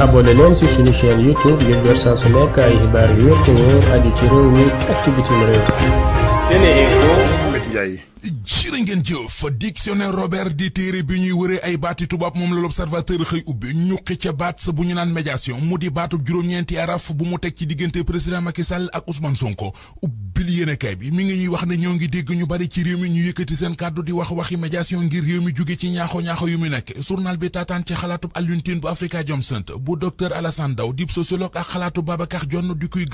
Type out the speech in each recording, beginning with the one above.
abonné leen ci suñu chaîne YouTube ngir jot saa ay xibaar yu wér te wóor aju ci réew mi ak ci bitim réew. jërë ngeen jëf dictionnaire Robert di téere bi ñuy wëree ay baati tubaab moom la l'observateur xëy ubbi ñuqi ca baat sa bu ñu naan médiation mu di baatub juróom-ñeenti araf bu mu teg ci diggante président Macky Sall usman son Sonko ubbil yéenekaay bi mi ngi ñuy wax ne ñoo ngi dégg ñu bari ci réew mi ñu yëkkati seen kàddu di wax waxi médiation ngir réew mi jóge ci ñaaxo ñaaxo yu mu nekk journal bi taataan ci xalaatub Alioune Tine bu Afrikajom Center bu docteur Alassane Daw dib sociologue ak xalaatu Babacar Dione di kuy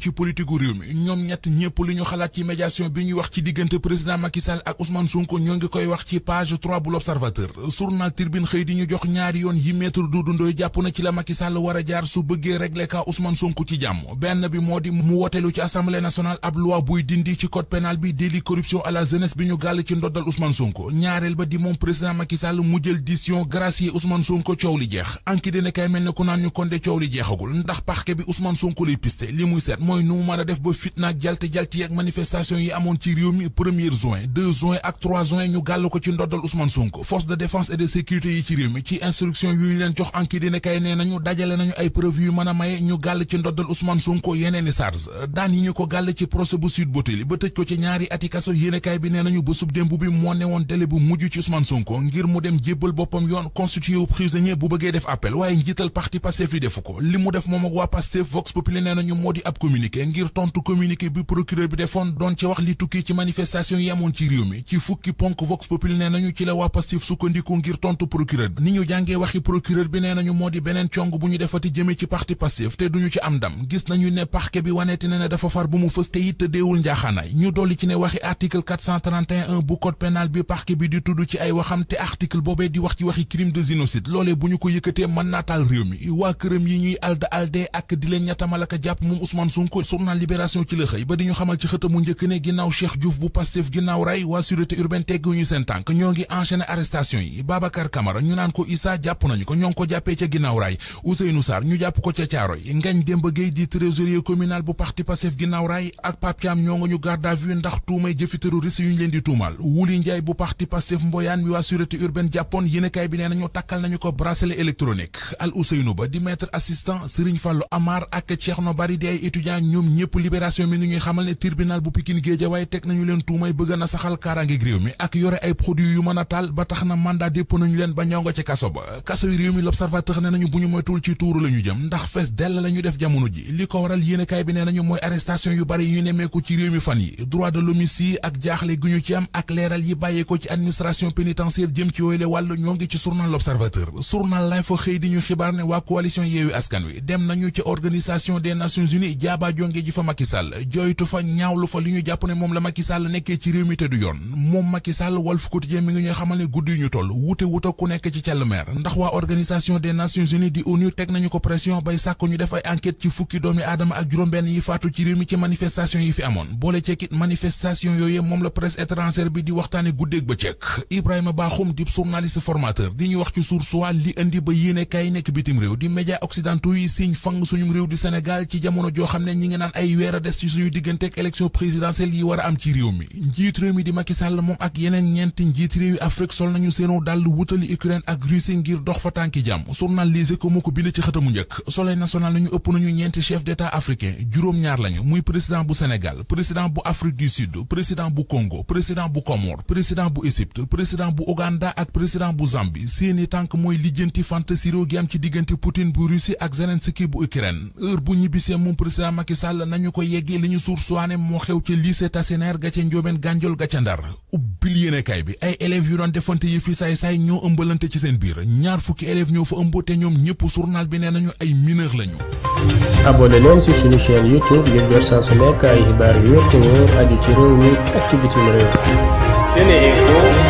ci politique ñoom ñett ñëpp li ñu xalaat ci médiation bi ñuy wax ci diggante président Macky Sall ak usman Sonko ñoo ngi koy wax ci page 3 bu l'Observateur journal Tribune xëy di ñu jox ñaari yoon yi Maître du Ndoye jàpp na ci la Macky Sall war a jaar su bëggee régler ka Ousmane Sonko ci jàmm benn bi moo di mu wotelu ci Assemblée nationale ab loi buy dindi ci code pénal bi délit corruption à la jeunesse bi ñu gàll ci ndoddal Ousmane Sonko ñaareel ba di moom président Macky Sall mu jël décision gracier Ousmane Sonko coow li jeex anki dina kay mel ne ku naan ñu kon ndax parquet bi Ousmane Sonko li muy mooy def ba fitna ak jalte jalte yi yi amoon ci réew mi première zone juin ak trois ñu gàll ko ci ndoddal Ousmane Sonko force de défense et de sécurité yi ci réew mi ci instruction yu ñu leen jox enquête dina nee nañu dajale nañu ay preuve yu mën a maye ñu gàll ci ndoddal Ousmane Sonko yeneen i charge daan yi ñu ko gàll ci procès bu Sweet Beauté ba tëj ko ci ñaari ati kaso yéene bi nee nañu bësub démb bi moo ne woon délai bu mujj ci Ousmane Sonko ngir mu dem jébbal boppam yoon constitué wu prisonnier bu bëggee def appel waaye amoon ci réew mi ci fukki ponk vox populi nee nañu ci la waa Pastef sukkandiku ngir tontu procureur bi ni ñu jàngee waxi procureur bi nee nañu moo di beneen cong bu ñu defati jëmee ci parti Pastef te duñu ci am ndam gis nañu ne parquet bi waneeti ne ne dafa far bu mu fës te it tëddeewul njaaxaanaay ñu dolli ci ne waxi article bu code pénal bi parquet bi di tudd ci ay waxam te article boobee di wax ci waxi crime de génocide loolee bu ñu ko yëkkatee mën naa ginnaaw raay waa sûreté urbaine tegguñu seen tànk ñoo ngi enchaîné arrestation yi Babacar Camara ñu naan ko Issa jàpp nañu ko ñoo ngi ko jàppee ca ginnaaw raay Ousseynou Sarr ñu jàpp ko ca Caaroy Ngagne Demba Gueye di trésorier communal bu parti Pastef ginnaaw raay ak Pape ñoo nga ñu garde à vue ndax tuumay jëfi terroriste yu ñu leen di tuumal Wuli Ndiaye bu parti Pastef mboyaan mi waa sûreté urbaine jàppoon bi nee nañu takkal nañu ko bracelet électronique na saxal kaaraangeeg réew mi ak yore ay produits yu mën a taal ba tax na mandat dépp nañu leen ba ñoo nga ci kaso ba kaso yi réew mi l'observateur ne nañu bu ñu moytul ci tuuru la jëm ndax fees dell la def jamono ji li ko waral yéenekaay bi nee nañu mooy arrestation yu bari yi ñu nemmeeku ci réew mi fan yi droit de l'homme ak jaaxle gu ñu ci am ak leeral yi bàyyee ko ci administration pénitentiaire jëm ci yooyu le wàllu ñoo ngi ci journal l'observateur mi te du yoon moom Macky Sall Walf Quotidien mi ngi ñuy xamal ne guddi ñu toll wute wuta ku nekk ci cell mer ndax waa organisation des nations unies di ONU teg nañu ko pression bay sàkk ñu def ay enquête ci fukki doomi aadama ak juróom-benn yi faatu ci réew mi ci manifestation yi fi amoon boole ceekit manifestation yooyu moom la presse étrangère bi di waxtaane guddeeg bëccëg Ibrahima Bakhoum di journaliste formateur di ñu wax ci source wa li indi ba yéene kay nekk réew di média occidentaux ci jamono joo xam ne ñi ngi naan ay weer des ci suñu digganteeg élection présidentielle yi am ci réew mi njiitu réew mi di Macky Sall moom ak yeneen ñeenti njiitu réew Afrique sol nañu seenu dàll wutali Ukraine ak Russie ngir dox fa tànki jàmm journal Les Échos moo ko bind ci xëtamu njëkk Soleil national nañu ëpp nañu ñeenti chef d'état africain juróom-ñaar lañu muy président bu Sénégal président bu Afrique du Sud président bu Congo président bu Comore président bu Égypte président bu Ouganda ak président bu Zambie seeni tànk mooy lijjanti fantasiro gi am ci diggante gànjol ga ca ndar ubbil yéenekaay bi ay élèves yu doon defante yi fi saay-saay ñoo ëmbalante ci seen biir ñaar fukki élèves ñoo fa ëmboo te ñoom ñëpp journal bi nee nañu ay mineur lañu. abonné leen ci suñu chaîne youtube ngir jot saa su nekk ay xibaar yu wér te wóor aju ci réew mi ak ci réew.